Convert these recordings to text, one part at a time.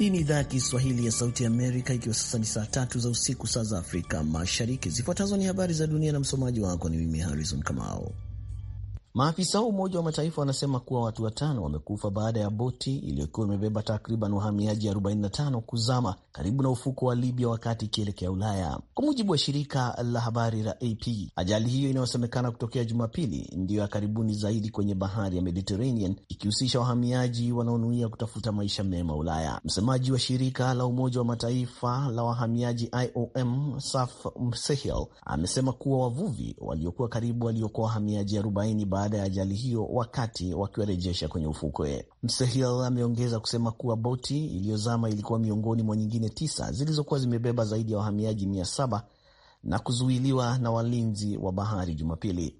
Hii ni idhaa ya Kiswahili ya Sauti Amerika, ikiwa sasa ni saa tatu za usiku, saa za Afrika Mashariki. Zifuatazo ni habari za dunia na msomaji wako ni mimi Harrison Kamao. Maafisa wa Umoja wa Mataifa wanasema kuwa watu watano wamekufa baada ya boti iliyokuwa imebeba takriban wahamiaji 45 kuzama karibu na ufuko wa Libya wakati ikielekea Ulaya, kwa mujibu wa shirika la habari la AP. Ajali hiyo inayosemekana kutokea Jumapili ndiyo ya karibuni zaidi kwenye bahari ya Mediterranean, ikihusisha wahamiaji wanaonuia kutafuta maisha mema Ulaya. Msemaji wa shirika la Umoja wa Mataifa la wahamiaji IOM Saf Msehel amesema kuwa wavuvi waliokuwa karibu waliokoa wahamiaji 40 baada ya ajali hiyo wakati wakiwarejesha kwenye ufukwe. Msehil ameongeza kusema kuwa boti iliyozama ilikuwa miongoni mwa nyingine tisa zilizokuwa zimebeba zaidi ya wahamiaji mia saba na kuzuiliwa na walinzi wa bahari Jumapili.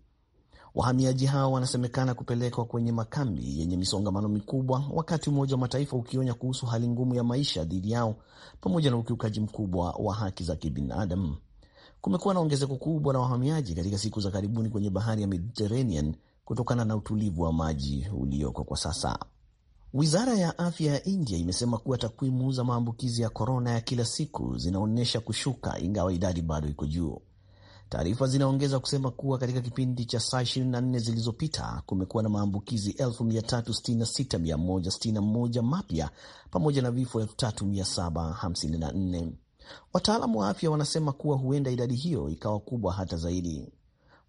Wahamiaji hao wanasemekana kupelekwa kwenye makambi yenye misongamano mikubwa, wakati Umoja wa Mataifa ukionya kuhusu hali ngumu ya maisha dhidi yao pamoja na ukiukaji mkubwa wa haki za kibinadamu. Kumekuwa na ongezeko kubwa la wahamiaji katika siku za karibuni kwenye bahari ya Mediterranean kutokana na utulivu wa maji ulioko kwa sasa. Wizara ya afya ya India imesema kuwa takwimu za maambukizi ya korona ya kila siku zinaonyesha kushuka, ingawa idadi bado iko juu. Taarifa zinaongeza kusema kuwa katika kipindi cha saa 24 zilizopita kumekuwa na maambukizi 366161 mapya pamoja na vifo 3754. Wataalamu wa afya wanasema kuwa huenda idadi hiyo ikawa kubwa hata zaidi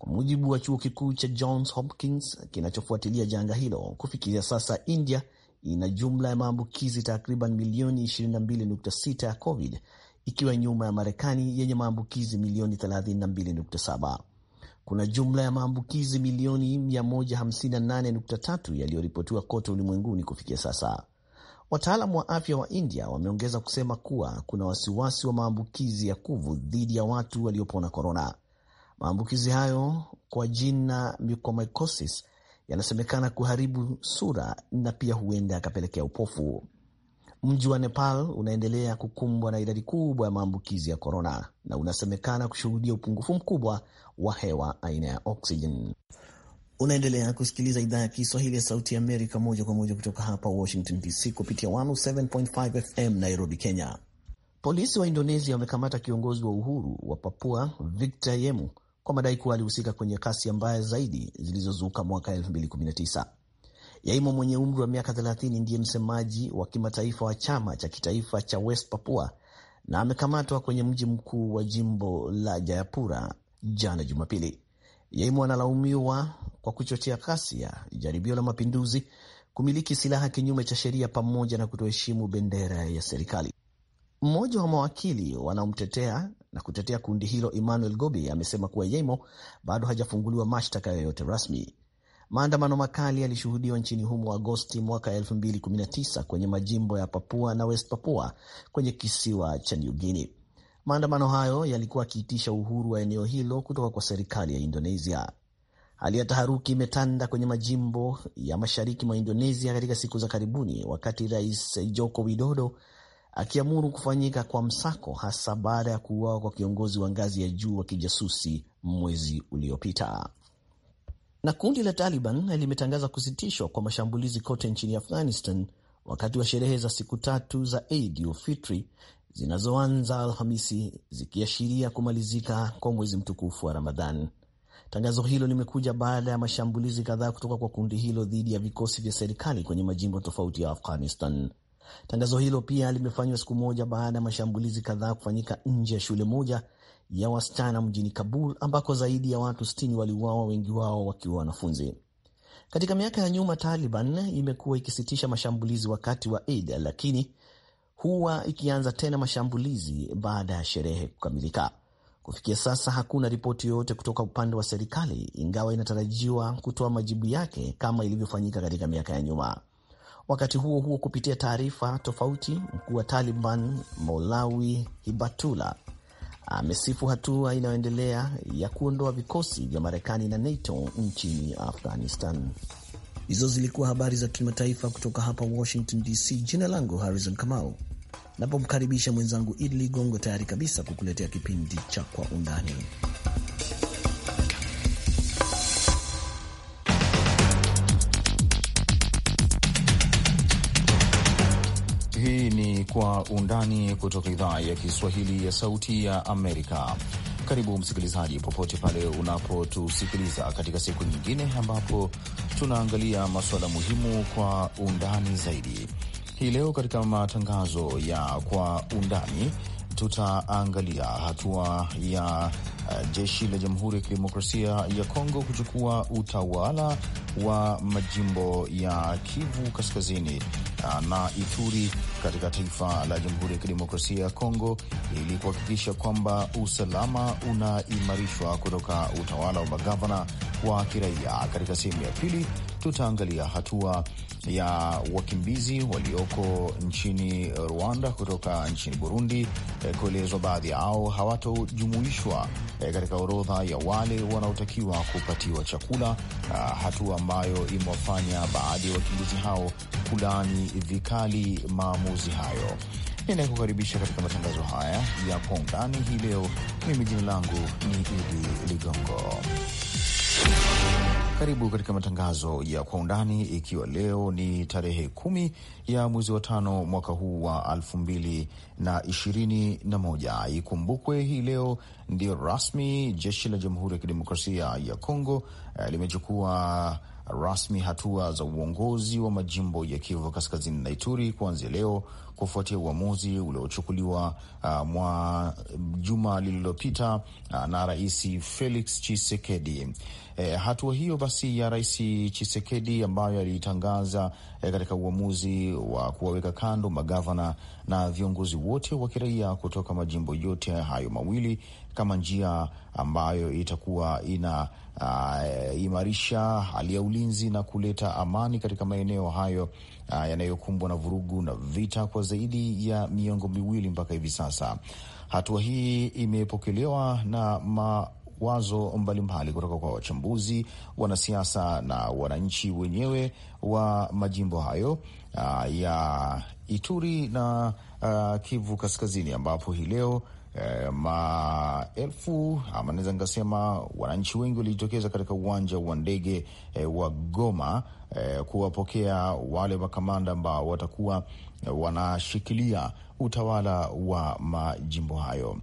kwa mujibu wa chuo kikuu cha Johns Hopkins kinachofuatilia janga hilo. Kufikia sasa, India ina jumla ya maambukizi takriban milioni 22.6 ya COVID, ikiwa nyuma ya Marekani yenye maambukizi milioni 32.7. Kuna jumla ya maambukizi milioni 158.3 yaliyoripotiwa kote ulimwenguni kufikia sasa. Wataalamu wa afya wa India wameongeza kusema kuwa kuna wasiwasi wa maambukizi ya kuvu dhidi ya watu waliopona korona. Maambukizi hayo kwa jina mucormycosis yanasemekana kuharibu sura na pia huenda yakapelekea upofu. Mji wa Nepal unaendelea kukumbwa na idadi kubwa ya maambukizi ya korona na unasemekana kushuhudia upungufu mkubwa wa hewa aina ya oksijen. Unaendelea kusikiliza idhaa ya Kiswahili ya Sauti ya Amerika moja kwa moja kutoka hapa Washington DC kupitia 107.5 FM Nairobi, Kenya. Polisi wa Indonesia wamekamata kiongozi wa Uhuru wa Papua Victor Yemu kwa madai kuwa alihusika kwenye kasi mbaya zaidi zilizozuka mwaka 2019. Yaimo mwenye umri wa miaka 30 ndiye msemaji wa kimataifa wa chama cha kitaifa cha West Papua na amekamatwa kwenye mji mkuu wa jimbo la Jayapura jana Jumapili. Yaimo analaumiwa kwa kuchochea kasia jaribio la mapinduzi, kumiliki silaha kinyume cha sheria, pamoja na kutoheshimu bendera ya serikali. Mmoja wa mawakili wanaomtetea na kutetea kundi hilo, Emmanuel Gobi amesema kuwa Yemo bado hajafunguliwa mashtaka yoyote rasmi. Maandamano makali yalishuhudiwa nchini humo Agosti mwaka 2019 kwenye majimbo ya Papua na West Papua kwenye kisiwa cha New Guinea. Maandamano hayo yalikuwa akiitisha uhuru wa eneo hilo kutoka kwa serikali ya Indonesia. Hali ya taharuki imetanda kwenye majimbo ya mashariki mwa Indonesia katika siku za karibuni, wakati Rais Joko Widodo akiamuru kufanyika kwa msako hasa baada ya kuuawa kwa kiongozi wa ngazi ya juu wa kijasusi mwezi uliopita. Na kundi la Taliban limetangaza kusitishwa kwa mashambulizi kote nchini Afghanistan wakati wa sherehe za siku tatu za Eid ul Fitri zinazoanza Alhamisi, zikiashiria kumalizika kwa mwezi mtukufu wa Ramadhan. Tangazo hilo limekuja baada ya mashambulizi kadhaa kutoka kwa kundi hilo dhidi ya vikosi vya serikali kwenye majimbo tofauti ya Afghanistan. Tangazo hilo pia limefanywa siku moja baada ya mashambulizi kadhaa kufanyika nje ya shule moja ya wasichana mjini Kabul ambako zaidi ya watu 60 waliuawa, wengi wao wakiwa wanafunzi. Katika miaka ya nyuma, Taliban imekuwa ikisitisha mashambulizi wakati wa Eid, lakini huwa ikianza tena mashambulizi baada ya sherehe kukamilika. Kufikia sasa hakuna ripoti yoyote kutoka upande wa serikali, ingawa inatarajiwa kutoa majibu yake kama ilivyofanyika katika miaka ya nyuma. Wakati huo huo, kupitia taarifa tofauti, mkuu wa Taliban Maulawi hibatula amesifu hatua inayoendelea ya kuondoa vikosi vya Marekani na NATO nchini Afghanistan. Hizo zilikuwa habari za kimataifa kutoka hapa Washington DC. Jina langu Harrison Kamau, napomkaribisha mwenzangu Idli Gongo tayari kabisa kukuletea kipindi cha Kwa Undani. Kwa Undani kutoka idhaa ya Kiswahili ya Sauti ya Amerika. Karibu msikilizaji, popote pale unapotusikiliza katika siku nyingine ambapo tunaangalia masuala muhimu kwa undani zaidi. Hii leo katika matangazo ya Kwa Undani tutaangalia hatua ya jeshi la Jamhuri ya Kidemokrasia ya Kongo kuchukua utawala wa majimbo ya Kivu Kaskazini na Ituri katika taifa la Jamhuri ya Kidemokrasia ya Kongo ili kuhakikisha kwamba usalama unaimarishwa kutoka utawala wa magavana wa kiraia. Katika sehemu ya pili tutaangalia hatua ya wakimbizi walioko nchini Rwanda kutoka nchini Burundi, eh, kuelezwa baadhi yao hawatojumuishwa eh, katika orodha ya wale wanaotakiwa kupatiwa chakula, ah, hatua ambayo imewafanya baadhi ya wakimbizi hao kulaani vikali maamuzi hayo. Ninayekukaribisha katika matangazo haya ya kwa undani hii leo, mimi jina langu ni Idi Ligongo. Karibu katika matangazo ya kwa undani, ikiwa leo ni tarehe kumi ya mwezi wa tano mwaka huu wa elfu mbili na ishirini na moja. Ikumbukwe hii leo ndio rasmi jeshi la Jamhuri ya Kidemokrasia ya Kongo eh, limechukua rasmi hatua za uongozi wa majimbo ya Kivu Kaskazini na Ituri kuanzia leo kufuatia uamuzi uliochukuliwa uh, mwa juma lililopita uh, na Rais Felix Chisekedi. E, eh, hatua hiyo basi ya Rais Chisekedi ambayo aliitangaza e, eh, katika uamuzi wa kuwaweka kando magavana na viongozi wote wa kiraia kutoka majimbo yote hayo mawili kama njia ambayo itakuwa inaimarisha ah, uh, hali ya ulinzi na kuleta amani katika maeneo hayo uh, yanayokumbwa na vurugu na vita kwa zaidi ya miongo miwili mpaka hivi sasa. Hatua hii imepokelewa na ma wazo mbalimbali kutoka kwa wachambuzi, wanasiasa na wananchi wenyewe wa majimbo hayo uh, ya Ituri na uh, Kivu Kaskazini, ambapo hii leo eh, maelfu ama naweza nikasema wananchi wengi walijitokeza katika uwanja wa ndege eh, wa Goma eh, kuwapokea wale makamanda ambao watakuwa eh, wanashikilia utawala wa majimbo hayo.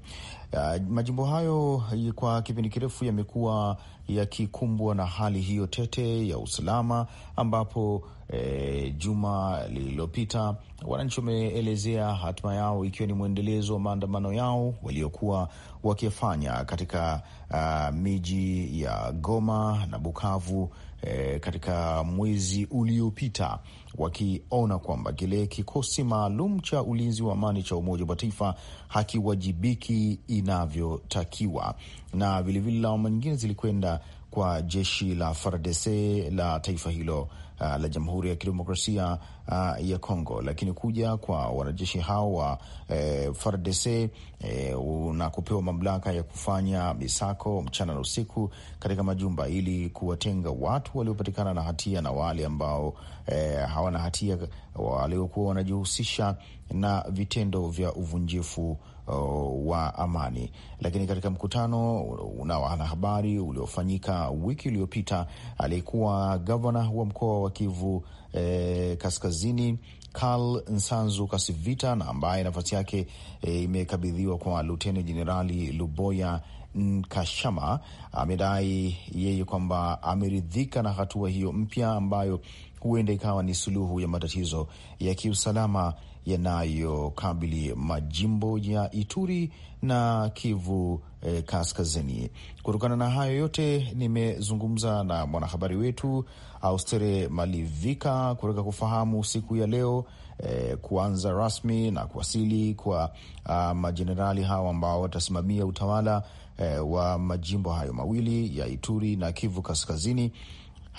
Uh, majimbo hayo kwa kipindi kirefu yamekuwa yakikumbwa na hali hiyo tete ya usalama ambapo e, juma lililopita, wananchi wameelezea hatima yao ikiwa ni mwendelezo wa maandamano yao waliokuwa wakifanya katika uh, miji ya Goma na Bukavu e, katika mwezi uliopita wakiona kwamba kile kikosi maalum cha ulinzi wa amani cha Umoja wa Mataifa hakiwajibiki inavyotakiwa, na vilevile lawama nyingine zilikwenda kwa jeshi la FARDC la taifa hilo uh, la Jamhuri ya Kidemokrasia uh, ya Kongo, lakini kuja kwa wanajeshi hao wa eh, FARDC eh, na kupewa mamlaka ya kufanya misako mchana na usiku katika majumba ili kuwatenga watu waliopatikana na hatia na wale ambao eh, hawana hatia waliokuwa wanajihusisha na vitendo vya uvunjifu uh, wa amani. Lakini katika mkutano na wanahabari uliofanyika wiki iliyopita, aliyekuwa gavana wa mkoa wa Kivu eh, kaskazini Karl Nsanzu Kasivita na ambaye nafasi yake eh, imekabidhiwa kwa luteni jenerali Luboya Nkashama amedai yeye kwamba ameridhika na hatua hiyo mpya ambayo huenda ikawa ni suluhu ya matatizo ya kiusalama yanayokabili majimbo ya Ituri na Kivu eh, Kaskazini. Kutokana na hayo yote, nimezungumza na mwanahabari wetu Austere Malivika kutaka kufahamu siku ya leo eh, kuanza rasmi na kuwasili kwa ah, majenerali hawa ambao watasimamia utawala eh, wa majimbo hayo mawili ya Ituri na Kivu Kaskazini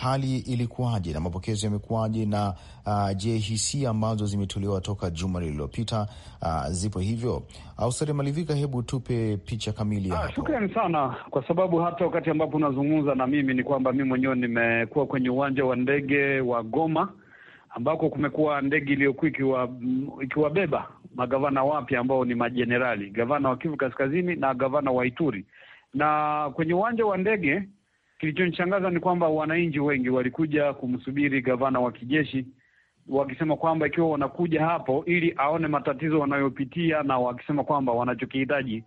hali ilikuwaje na mapokezo yamekuwaje? Na uh, je, hisia ambazo zimetolewa toka juma lililopita uh, zipo hivyo? Ausere Malivika, hebu tupe picha kamili. Ah, shukran sana kwa sababu hata wakati ambapo unazungumza na mimi ni kwamba mi mwenyewe nimekuwa kwenye uwanja wa ndege wa Goma ambako kumekuwa ndege iliyokuwa ikiwabeba magavana wapya ambao ni majenerali, gavana wa Kivu Kaskazini na gavana wa Ituri, na kwenye uwanja wa ndege Kilichonishangaza ni kwamba wananchi wengi walikuja kumsubiri gavana wa kijeshi wakisema kwamba ikiwa wanakuja hapo ili aone matatizo wanayopitia, na wakisema kwamba wanachokihitaji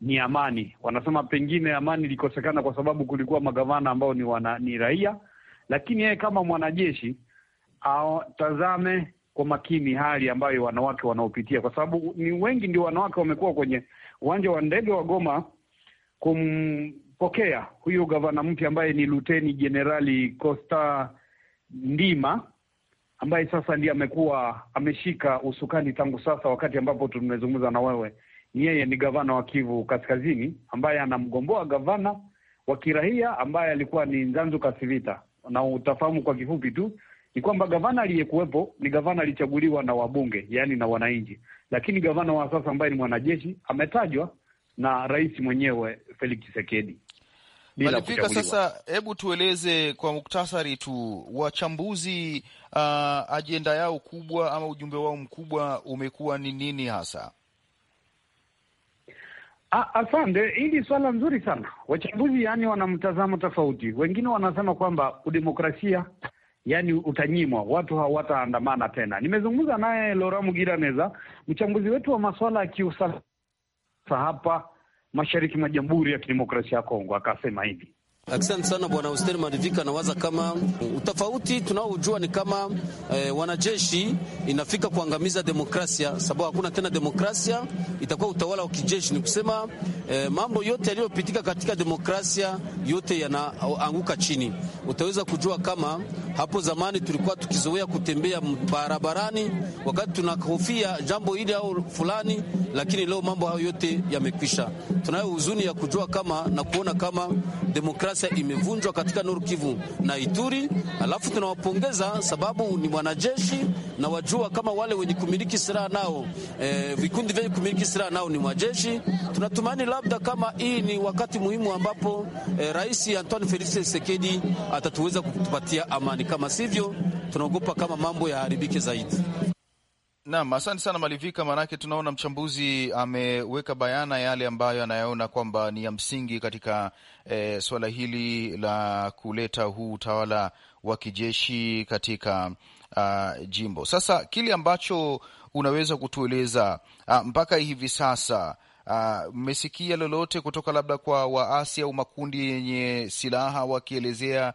ni amani. Wanasema pengine amani ilikosekana kwa sababu kulikuwa magavana ambao ni wana, ni raia, lakini yeye kama mwanajeshi atazame kwa makini hali ambayo wanawake wanaopitia, kwa sababu ni wengi ndio wanawake wamekuwa kwenye uwanja wa ndege wa Goma kum tumempokea huyu gavana mpya ambaye ni Luteni Jenerali Costa Ndima ambaye sasa ndiye amekuwa ameshika usukani tangu sasa, wakati ambapo tumezungumza na wewe, ni yeye ni gavana wa Kivu Kaskazini ambaye anamgomboa gavana wa kirahia ambaye alikuwa ni Nzanzu Kasivita. Na utafahamu kwa kifupi tu ni kwamba gavana aliyekuwepo ni gavana alichaguliwa na wabunge, yaani na wananchi, lakini gavana wa sasa ambaye ni mwanajeshi ametajwa na rais mwenyewe Felix Tshisekedi. Malivika, sasa hebu tueleze kwa muktasari tu wachambuzi, uh, ajenda yao kubwa ama ujumbe wao mkubwa umekuwa ni nini hasa? Asante, hili swala nzuri sana. Wachambuzi yani wana mtazamo tofauti. Wengine wanasema kwamba udemokrasia yani utanyimwa, watu hawataandamana tena. Nimezungumza naye Lora Mugiraneza, mchambuzi wetu wa masuala ya kiusalama hapa mashariki mwa Jamhuri ya Kidemokrasia ya Kongo, akasema hivi Asante sana bwana Hosteri Marivika. Nawaza kama utofauti tunaojua ni kama e, wanajeshi inafika kuangamiza demokrasia, sababu hakuna tena demokrasia, itakuwa utawala wa kijeshi. Ni kusema e, mambo yote yaliyopitika katika demokrasia yote yanaanguka chini. Utaweza kujua kama hapo zamani tulikuwa tukizoea kutembea barabarani wakati tunahofia jambo hili au fulani, lakini leo mambo hayo yote yamekwisha. Tunayo huzuni ya kujua kama na kuona kama demokrasia sasa imevunjwa katika Nord Kivu na Ituri. Alafu tunawapongeza sababu ni mwanajeshi na wajua kama wale wenye kumiliki silaha nao e, vikundi vyenye kumiliki silaha nao ni majeshi. Tunatumani labda kama hii ni wakati muhimu ambapo e, Rais Antoine Felix Tshisekedi atatuweza kutupatia amani, kama sivyo tunaogopa kama mambo yaharibike zaidi. Naam, asante sana Malivika, maanake tunaona mchambuzi ameweka bayana yale ambayo anayaona kwamba ni ya msingi katika e, eh, suala hili la kuleta huu utawala wa kijeshi katika a, ah, jimbo. Sasa kile ambacho unaweza kutueleza a, ah, mpaka hivi sasa ah, mmesikia lolote kutoka labda kwa waasi au makundi yenye silaha wakielezea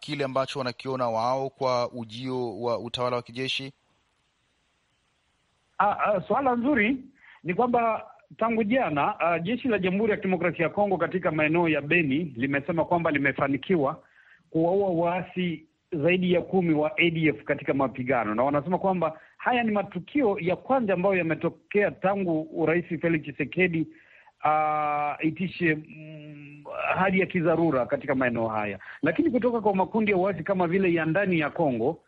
kile ambacho wanakiona wao kwa ujio wa utawala wa kijeshi? Ah, ah, swala nzuri ni kwamba tangu jana uh, jeshi la Jamhuri ya Kidemokrasia ya Kongo katika maeneo ya Beni limesema kwamba limefanikiwa kuwaua waasi zaidi ya kumi wa ADF katika mapigano, na wanasema kwamba haya ni matukio ya kwanza ambayo yametokea tangu Rais Felix Tshisekedi aitishe uh, mm, hali ya kidharura katika maeneo haya, lakini kutoka kwa makundi ya waasi kama vile ya ndani ya Kongo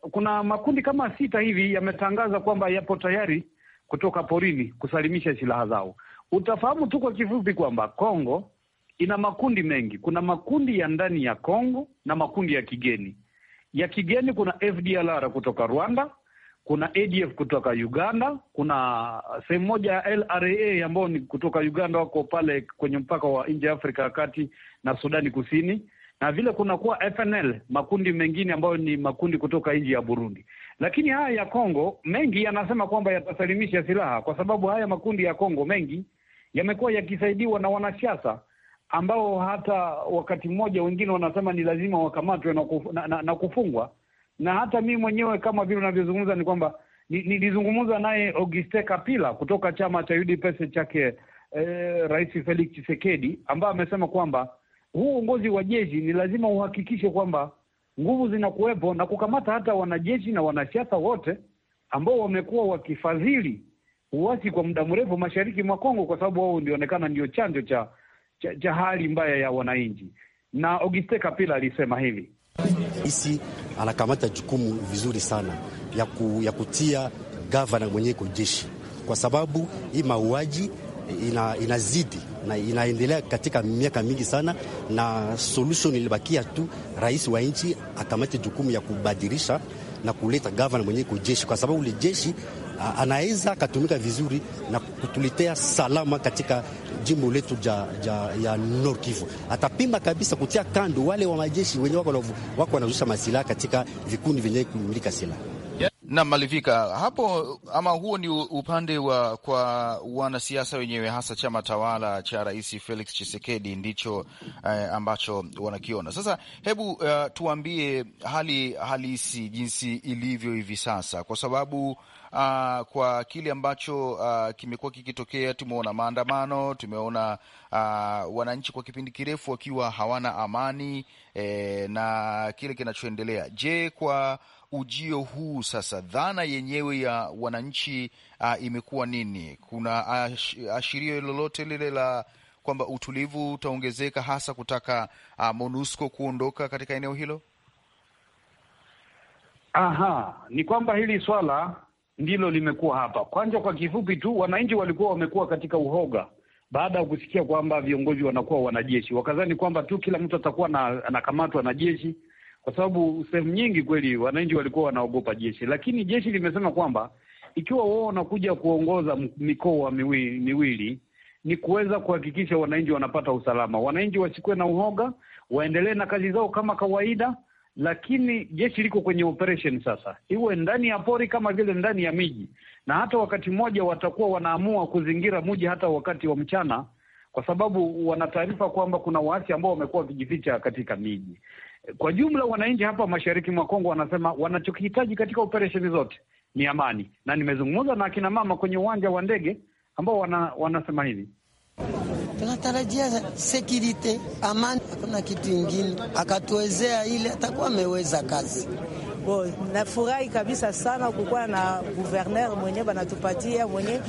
kuna makundi kama sita hivi yametangaza kwamba yapo tayari kutoka porini kusalimisha silaha zao. Utafahamu tu kwa kifupi kwamba Kongo ina makundi mengi. Kuna makundi ya ndani ya Kongo na makundi ya kigeni. Ya kigeni kuna FDLR kutoka Rwanda, kuna ADF kutoka Uganda, kuna sehemu moja ya LRA ambao ni kutoka Uganda, wako pale kwenye mpaka wa nje ya Afrika ya Kati na Sudani Kusini na vile kunakuwa FNL, makundi mengine ambayo ni makundi kutoka nji ya Burundi. Lakini haya ya Kongo mengi yanasema kwamba yatasalimisha silaha, kwa sababu haya makundi ya Kongo mengi yamekuwa yakisaidiwa na wanasiasa ambao hata wakati mmoja wengine wanasema ni lazima wakamatwe na, kufu, na, na, na kufungwa. Na hata mi mwenyewe kama vile unavyozungumza ni kwamba nilizungumza ni naye Auguste Kapila kutoka chama cha UDPS chake eh, Rais Felix Tshisekedi ambaye amesema kwamba huu uongozi wa jeshi ni lazima uhakikishe kwamba nguvu zinakuwepo na kukamata hata wanajeshi na wanasiasa wote ambao wamekuwa wakifadhili uasi kwa muda mrefu mashariki mwa Kongo, kwa sababu wao ndionekana ndio chanjo cha, cha, cha hali mbaya ya wananchi. Na Auguste Kapila alisema hivi isi anakamata jukumu vizuri sana ya, ku, ya kutia gavana mwenyewe kwa jeshi, kwa sababu hii mauaji ina, inazidi na inaendelea katika miaka mingi sana, na solution ilibakia tu rais wa nchi akamate jukumu ya kubadilisha na kuleta gavana mwenyewe kujeshi, kwa sababu ule jeshi anaweza akatumika vizuri na kutuletea salama katika jimbo letu ja, ja, ya Nord Kivu. Atapima kabisa kutia kando wale wa majeshi wenye wako wanazusha masilaha katika vikundi vyenye kumilika silaha na malivika hapo, ama huo ni upande wa kwa wanasiasa wenyewe, hasa chama tawala cha Rais Felix chisekedi ndicho eh, ambacho wanakiona sasa. Hebu uh, tuambie hali halisi jinsi ilivyo hivi sasa, kwa sababu uh, kwa kile ambacho uh, kimekuwa kikitokea, tumeona maandamano, tumeona uh, wananchi kwa kipindi kirefu wakiwa hawana amani eh, na kile kinachoendelea. Je, kwa ujio huu sasa, dhana yenyewe ya wananchi uh, imekuwa nini? Kuna ash, ashirio lolote lile la kwamba utulivu utaongezeka hasa kutaka uh, MONUSCO kuondoka katika eneo hilo? Aha, ni kwamba hili swala ndilo limekuwa hapa. Kwanza kwa kifupi tu, wananchi walikuwa wamekuwa katika uhoga baada ya kusikia kwamba viongozi wanakuwa wanajeshi, wakadhani kwamba tu kila mtu atakuwa anakamatwa na jeshi kwa sababu sehemu nyingi kweli wananchi walikuwa wanaogopa jeshi, lakini jeshi limesema kwamba ikiwa wao wanakuja kuongoza mikoa miwili, miwili ni kuweza kuhakikisha wananchi wanapata usalama, wananchi wasikuwe na uhoga, waendelee na kazi zao kama kawaida. Lakini jeshi liko kwenye operation sasa, iwe ndani ya pori kama vile ndani ya miji, na hata wakati mmoja watakuwa wanaamua kuzingira mji hata wakati wa mchana, kwa sababu wana taarifa kwamba kuna waasi ambao wamekuwa wakijificha katika miji. Kwa jumla, wananchi hapa mashariki mwa Kongo wanasema wanachokihitaji katika operesheni zote ni amani, na nimezungumza na akina mama kwenye uwanja wa ndege ambao wana, wanasema hivi tunatarajia sekurite, amani, hakuna kitu ingine. Akatuwezea ile atakuwa ameweza kazi Bo, nafurahi kabisa sana kukuwa na guverner mwenye banatupatia mwenye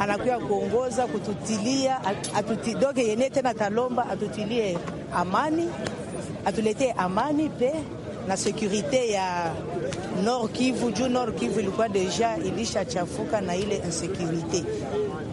anakuya kuongoza kututilia atuti, yenye tena talomba atutilie amani atuletee amani pe na sekurite ya Nord Kivu juu Nord Kivu ilikuwa deja ilishachafuka na ile insekurite.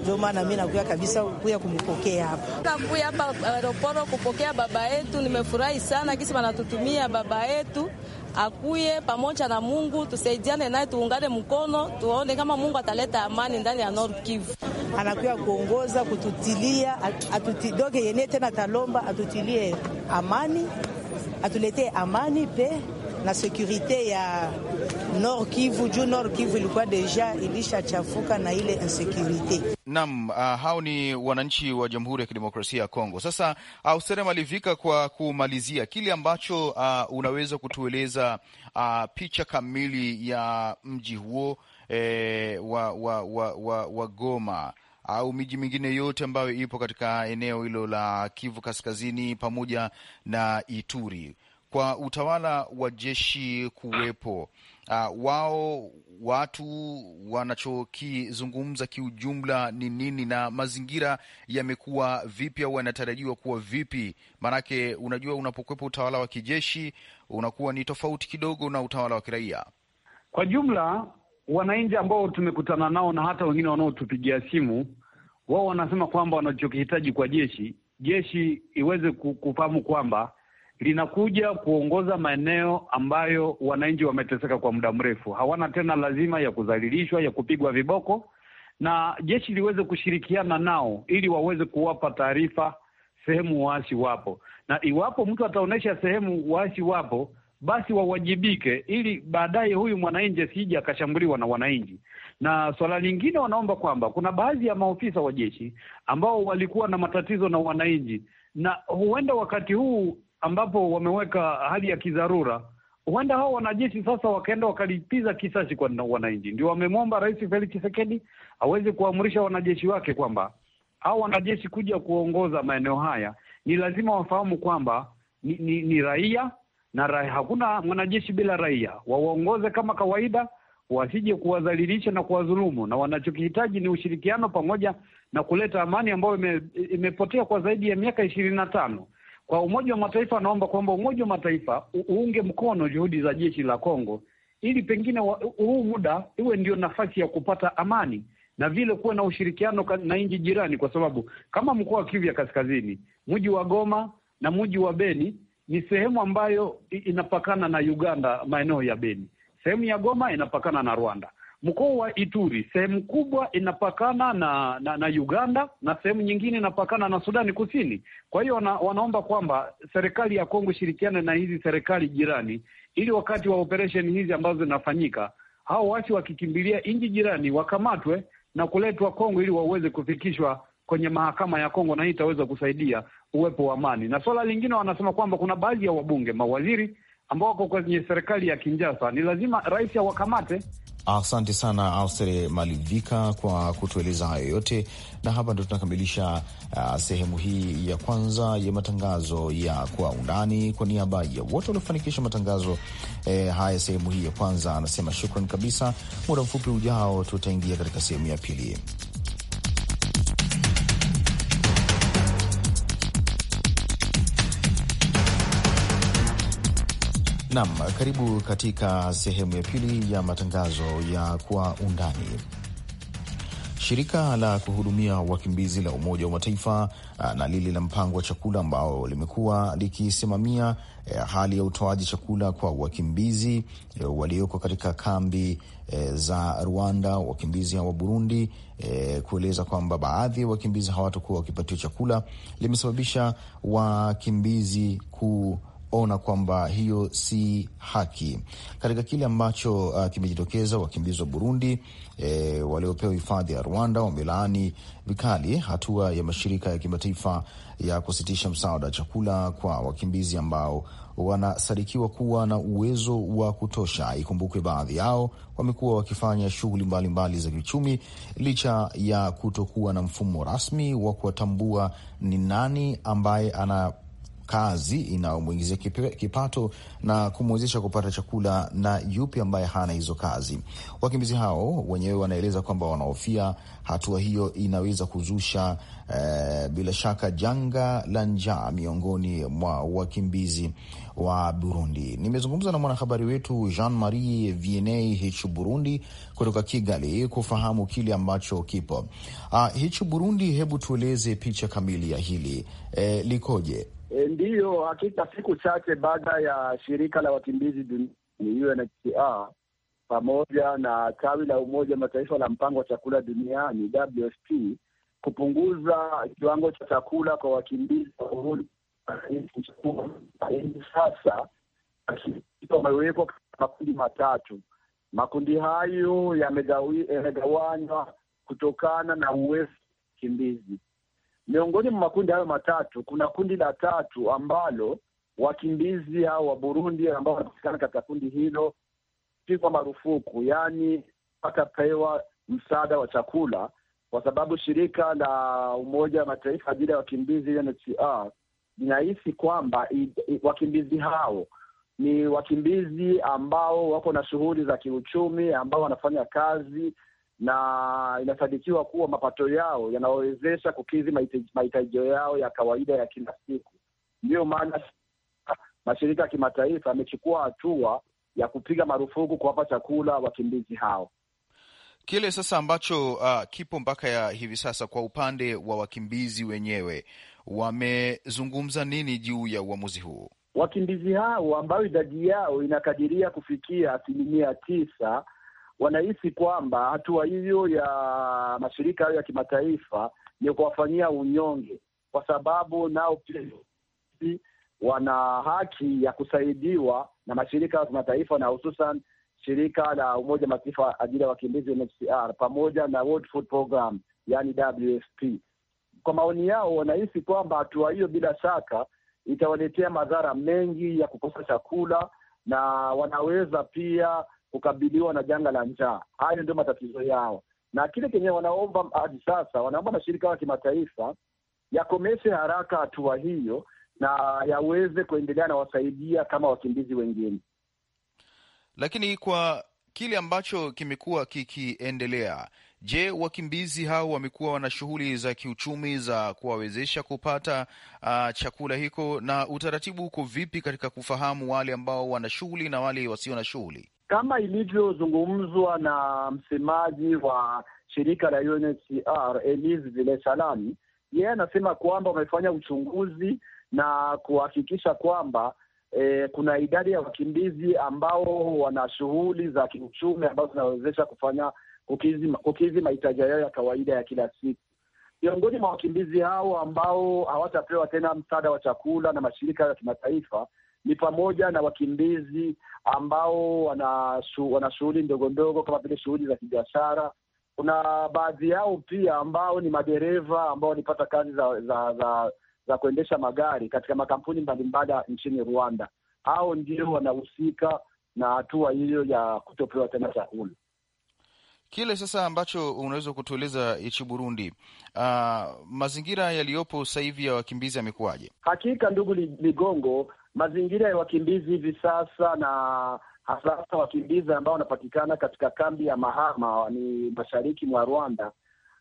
Ndio maana mi nakuya kabisa kuya kumpokea hapa kakuya hapa aeroporo kupokea baba yetu. Nimefurahi sana kisi wanatutumia baba yetu akuye pamoja na Mungu, tusaidiane naye, tuungane mkono, tuone kama Mungu ataleta amani ndani ya Nord Kivu. Anakuya kuongoza kututilia atutidoge yenye tena talomba atutilie amani atuletee amani pe na sekurite ya Nord Kivu juu Nord Kivu ilikuwa deja ilishachafuka na ile insekurite. Naam, uh, hao ni wananchi wa Jamhuri ya Kidemokrasia ya Kongo. Sasa Ausere ah, Malivika, kwa kumalizia kile ambacho uh, unaweza kutueleza uh, picha kamili ya mji huo eh, wa, wa, wa, wa, wa Goma au miji mingine yote ambayo ipo katika eneo hilo la Kivu Kaskazini pamoja na Ituri kwa utawala wa jeshi kuwepo, uh, wao watu wanachokizungumza kiujumla ni nini, na mazingira yamekuwa vipi au yanatarajiwa kuwa vipi? Maanake unajua unapokwepa utawala wa kijeshi unakuwa ni tofauti kidogo na utawala wa kiraia. Kwa jumla, wananchi ambao tumekutana nao na hata wengine wanaotupigia simu wao wanasema kwamba wanachokihitaji kwa jeshi, jeshi iweze kufahamu kwamba linakuja kuongoza maeneo ambayo wananchi wameteseka kwa muda mrefu, hawana tena lazima ya kudhalilishwa, ya kupigwa viboko, na jeshi liweze kushirikiana nao ili waweze kuwapa taarifa sehemu waasi wapo, na iwapo mtu ataonyesha sehemu waasi wapo, basi wawajibike, ili baadaye huyu mwananchi asije akashambuliwa na wananchi. Na swala lingine, wanaomba kwamba kuna baadhi ya maofisa wa jeshi ambao walikuwa na matatizo na wananchi, na huenda wakati huu ambapo wameweka hali ya kidharura huenda hao wanajeshi sasa wakaenda wakalipiza kisasi kwa wananchi. Ndio wamemwomba Rais Felix Tshisekedi aweze kuamrisha wanajeshi wake kwamba hao wanajeshi kuja kuongoza maeneo haya ni lazima wafahamu kwamba ni, ni, ni raia na raia. Hakuna mwanajeshi bila raia, wawaongoze kama kawaida, wasije kuwadhalilisha na kuwadhulumu, na wanachokihitaji ni ushirikiano pamoja na kuleta amani ambayo ime, imepotea kwa zaidi ya miaka ishirini na tano. Kwa Umoja wa Mataifa anaomba kwamba Umoja wa Mataifa uunge mkono juhudi za jeshi la Kongo ili pengine huu muda iwe ndio nafasi ya kupata amani na vile kuwa na ushirikiano na nchi jirani, kwa sababu kama mkoa wa Kivu ya Kaskazini, mji wa Goma na mji wa Beni ni sehemu ambayo inapakana na Uganda, maeneo ya Beni. Sehemu ya Goma inapakana na Rwanda. Mkoa wa Ituri sehemu kubwa inapakana na, na na Uganda na sehemu nyingine inapakana na Sudani Kusini. Kwa hiyo wana, wanaomba kwamba serikali ya Kongo ishirikiane na hizi serikali jirani, ili wakati wa operesheni hizi ambazo zinafanyika, hao watu wakikimbilia nchi jirani wakamatwe na kuletwa Kongo ili waweze kufikishwa kwenye mahakama ya Kongo, na hii itaweza kusaidia uwepo wa amani. Na swala lingine wanasema kwamba kuna baadhi ya wabunge, mawaziri ambao wako kwenye serikali ya Kinjasa, ni lazima rais awakamate. Asante sana Austere Malivika kwa kutueleza hayo yote, na hapa ndo tunakamilisha uh, sehemu hii ya kwanza ya matangazo ya kwa undani. Kwa niaba ya wote waliofanikisha matangazo eh, haya sehemu hii ya kwanza, anasema shukran kabisa. Muda mfupi ujao, tutaingia katika sehemu ya pili. Nam, karibu katika sehemu ya pili ya matangazo ya kwa undani. Shirika la kuhudumia wakimbizi la Umoja wa Mataifa ah, na lile la mpango wa chakula ambao limekuwa likisimamia eh, hali ya utoaji chakula kwa wakimbizi eh, walioko katika kambi eh, za Rwanda, wakimbizi wa Burundi eh, kueleza kwamba baadhi ya wakimbizi hawatokuwa wakipatiwa chakula, limesababisha wakimbizi ku ona kwamba hiyo si haki katika kile ambacho uh, kimejitokeza. Wakimbizi wa Burundi e, waliopewa hifadhi ya Rwanda wamelaani vikali hatua ya mashirika ya kimataifa ya kusitisha msaada wa chakula kwa wakimbizi ambao wanasadikiwa kuwa na uwezo wa kutosha. Ikumbukwe baadhi yao wamekuwa wakifanya shughuli mbalimbali za kiuchumi licha ya kutokuwa na mfumo rasmi wa kuwatambua ni nani ambaye ana kazi inayomwingizia kipato na kumwezesha kupata chakula, na yupi ambaye hana hizo kazi? Wakimbizi hao wenyewe wanaeleza kwamba wanahofia hatua hiyo inaweza kuzusha eh, bila shaka janga la njaa miongoni mwa wakimbizi wa Burundi. Nimezungumza na mwanahabari wetu Jean Marie Vianney Hichu Burundi kutoka Kigali kufahamu kile ambacho kipo. Ah, Hichu Burundi, hebu tueleze picha kamili ya hili eh, likoje? E, ndiyo hakika, siku chache baada ya shirika la wakimbizi duniani UNHCR pamoja na tawi la Umoja Mataifa la mpango wa chakula duniani WFP kupunguza kiwango cha chakula kwa wakimbizi wa Burundi. sasa wamewekwa makundi matatu. Makundi hayo yamegawanywa kutokana na uwezo wa wakimbizi. Miongoni mwa makundi hayo matatu, kuna kundi la tatu ambalo wakimbizi hao wa Burundi ambao wanapatikana katika kundi hilo pigwa marufuku, yaani watapewa msaada wa chakula, kwa sababu shirika la Umoja wa Mataifa ajili ya wakimbizi UNHCR linahisi kwamba wakimbizi hao ni wakimbizi ambao wako na shughuli za kiuchumi, ambao wanafanya kazi na inasadikiwa kuwa mapato yao yanawawezesha kukidhi mahitaji yao ya kawaida ya kila siku. Ndiyo maana mashirika ya kimataifa yamechukua hatua ya kupiga marufuku kuwapa chakula wakimbizi hao. Kile sasa ambacho uh, kipo mpaka ya hivi sasa kwa upande wa wakimbizi wenyewe, wamezungumza nini juu ya uamuzi huu? Wakimbizi hao ambayo idadi yao inakadiria kufikia asilimia tisa wanahisi kwamba hatua hiyo ya mashirika hayo ya kimataifa ni kuwafanyia unyonge, kwa sababu nao wana haki ya kusaidiwa na mashirika ya kimataifa na hususan shirika la Umoja Mataifa ajili ya wakimbizi UNHCR pamoja na World Food Program, yani WFP. Kwa maoni yao, wanahisi kwamba hatua hiyo bila shaka itawaletea madhara mengi ya kukosa chakula na wanaweza pia kukabiliwa na janga la njaa. Hayo ndio matatizo yao, na kile kenye wanaomba hadi sasa, wanaomba mashirika ya kimataifa yakomeshe haraka hatua hiyo na yaweze kuendelea na wasaidia kama wakimbizi wengine. Lakini kwa kile ambacho kimekuwa kikiendelea, je, wakimbizi hao wamekuwa wana shughuli za kiuchumi za kuwawezesha kupata uh, chakula hiko, na utaratibu uko vipi katika kufahamu wale ambao wana shughuli na wale wasio na shughuli? Kama ilivyozungumzwa na msemaji wa shirika la UNHCR Elise Vile Salami, yeye anasema kwamba wamefanya uchunguzi na kuhakikisha kwamba e, kuna idadi ya wakimbizi ambao wana shughuli za kiuchumi ambazo zinawezesha kufanya kukidhi mahitaji yao ya kawaida ya kila siku. Miongoni mwa wakimbizi hao ambao hawatapewa tena msaada wa chakula na mashirika ya kimataifa ni pamoja na wakimbizi ambao wana shughuli ndogo ndogo kama vile shughuli za kibiashara. Kuna baadhi yao pia ambao ni madereva ambao wanipata kazi za, za, za, za kuendesha magari katika makampuni mbalimbali nchini Rwanda. Hao ndio wanahusika na hatua hiyo ya kutopewa tena chakula. Kile sasa ambacho unaweza kutueleza ichi Burundi, uh, mazingira yaliyopo sasa hivi ya wakimbizi yamekuwaje? Hakika ndugu Ligongo, mazingira ya wakimbizi hivi sasa na hasasa wakimbizi ambao wanapatikana katika kambi ya Mahama ni mashariki mwa Rwanda,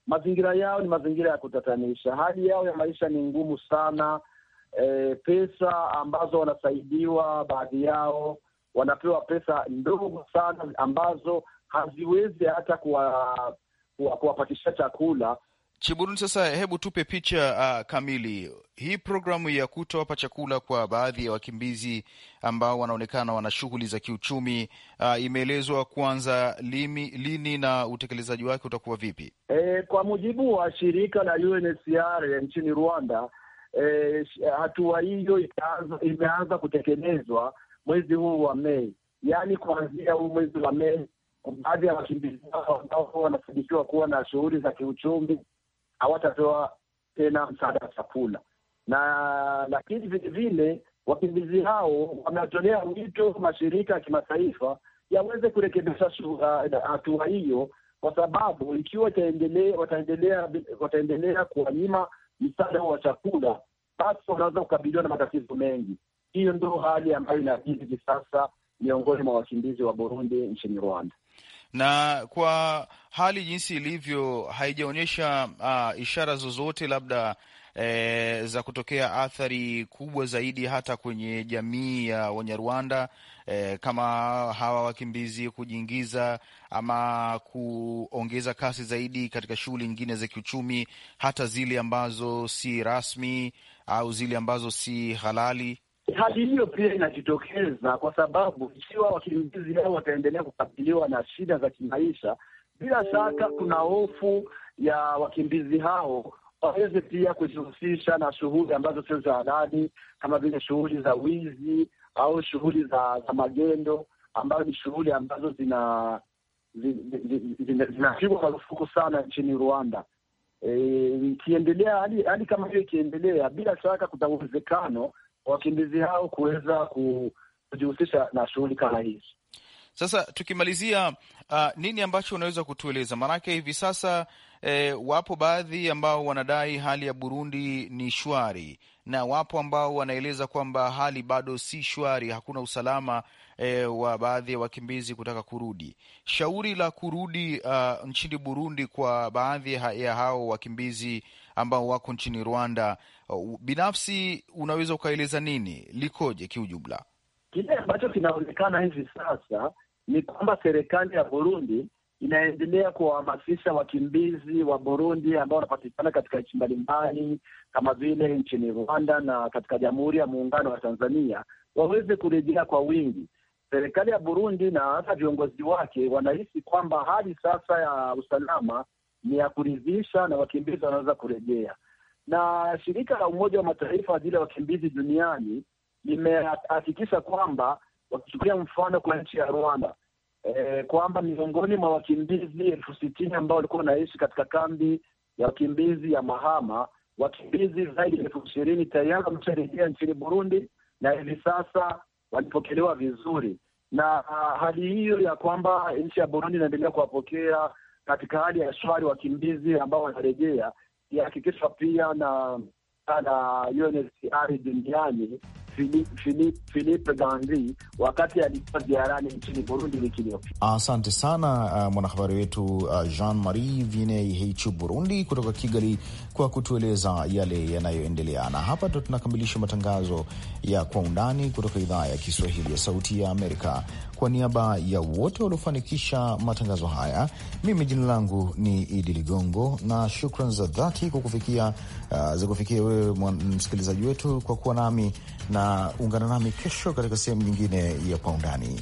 mazingira yao ni mazingira ya kutatanisha. Hali yao ya maisha ni ngumu sana. E, pesa ambazo wanasaidiwa, baadhi yao wanapewa pesa ndogo sana ambazo haziwezi hata kuwapatisha kuwa chakula Chiburuni, sasa hebu tupe picha uh, kamili hii programu ya kutowapa chakula kwa baadhi ya wakimbizi ambao wanaonekana wana shughuli za kiuchumi uh, imeelezwa kuanza lini na utekelezaji wake utakuwa vipi? E, kwa mujibu wa shirika la UNHCR nchini Rwanda, e, hatua hiyo imeanza kutekelezwa mwezi huu wa Mei, yaani kuanzia huu mwezi wa Mei, baadhi ya wakimbizi hao ambao wanasadikiwa kuwa na shughuli za kiuchumi hawatapewa tena msaada wa chakula, na lakini vilevile wakimbizi hao wametolea wito mashirika ya kimataifa yaweze kurekebisha ah, hatua hiyo, kwa sababu ikiwa wataendelea wataendelea wataendelea kuwanyima msaada wa chakula, basi wanaweza kukabiliwa na matatizo mengi. Hiyo ndio hali ambayo inajiri hivi sasa miongoni mwa wakimbizi wa Burundi nchini Rwanda na kwa hali jinsi ilivyo haijaonyesha uh, ishara zozote labda E, za kutokea athari kubwa zaidi hata kwenye jamii ya Wanyarwanda e, kama hawa wakimbizi kujiingiza ama kuongeza kasi zaidi katika shughuli nyingine za kiuchumi hata zile ambazo si rasmi au zile ambazo si halali. Hali hiyo pia inajitokeza kwa sababu ikiwa wakimbizi hao wataendelea kukabiliwa na shida za kimaisha, bila shaka kuna hofu ya wakimbizi hao waweze pia kujihusisha na shughuli ambazo sio za halali kama vile shughuli za wizi au shughuli za, za magendo ambazo ni shughuli ambazo zina zinapigwa marufuku sana nchini Rwanda. E, ikiendelea e, hali kama hiyo ikiendelea, bila shaka kuna uwezekano wakimbizi hao kuweza kujihusisha na shughuli kama hizi. Sasa tukimalizia, uh, nini ambacho unaweza kutueleza? Maanake hivi sasa eh, wapo baadhi ambao wanadai hali ya Burundi ni shwari na wapo ambao wanaeleza kwamba hali bado si shwari, hakuna usalama e, wa baadhi ya wakimbizi kutaka kurudi. Shauri la kurudi uh, nchini Burundi kwa baadhi ya hao wakimbizi ambao wako nchini Rwanda, uh, binafsi unaweza ukaeleza nini, likoje kiujumla? Kile ambacho kinaonekana hivi sasa ni kwamba serikali ya Burundi inaendelea kuwahamasisha wakimbizi wa Burundi ambao wanapatikana katika nchi mbalimbali kama vile nchini Rwanda na katika Jamhuri ya Muungano wa Tanzania waweze kurejea kwa wingi, serikali ya Burundi na hata viongozi wake wanahisi kwamba hali sasa ya usalama ni ya kuridhisha na wakimbizi wanaweza kurejea. Na shirika la Umoja wa Mataifa ajili ya wakimbizi duniani limehakikisha kwamba, wakichukulia mfano kwa nchi ya Rwanda, e, kwamba miongoni mwa wakimbizi elfu sitini ambao walikuwa wanaishi katika kambi ya wakimbizi ya Mahama, wakimbizi zaidi ya elfu ishirini tayari wamesharejea nchini Burundi na hivi sasa walipokelewa vizuri, na uh, hali hiyo ya kwamba nchi ya Burundi inaendelea kuwapokea katika hali ya shwari wakimbizi ambao wanarejea, ihakikishwa pia na na UNHCR duniani Philippe Ganzi wakati alikuwa ziarani nchini Burundi wiki iliyopita. Asante sana uh, mwanahabari wetu uh, Jean Marie Vinei Hichu Burundi kutoka Kigali kwa kutueleza yale yanayoendelea. Na hapa ndo tunakamilisha matangazo ya Kwa Undani kutoka idhaa ya Kiswahili ya Sauti ya Amerika. Kwa niaba ya wote waliofanikisha matangazo haya, mimi jina langu ni Idi Ligongo, na shukran za dhati kufikia uh, za kufikia wewe msikilizaji wetu kwa kuwa nami na ungana nami kesho katika sehemu nyingine ya Kwa Undani.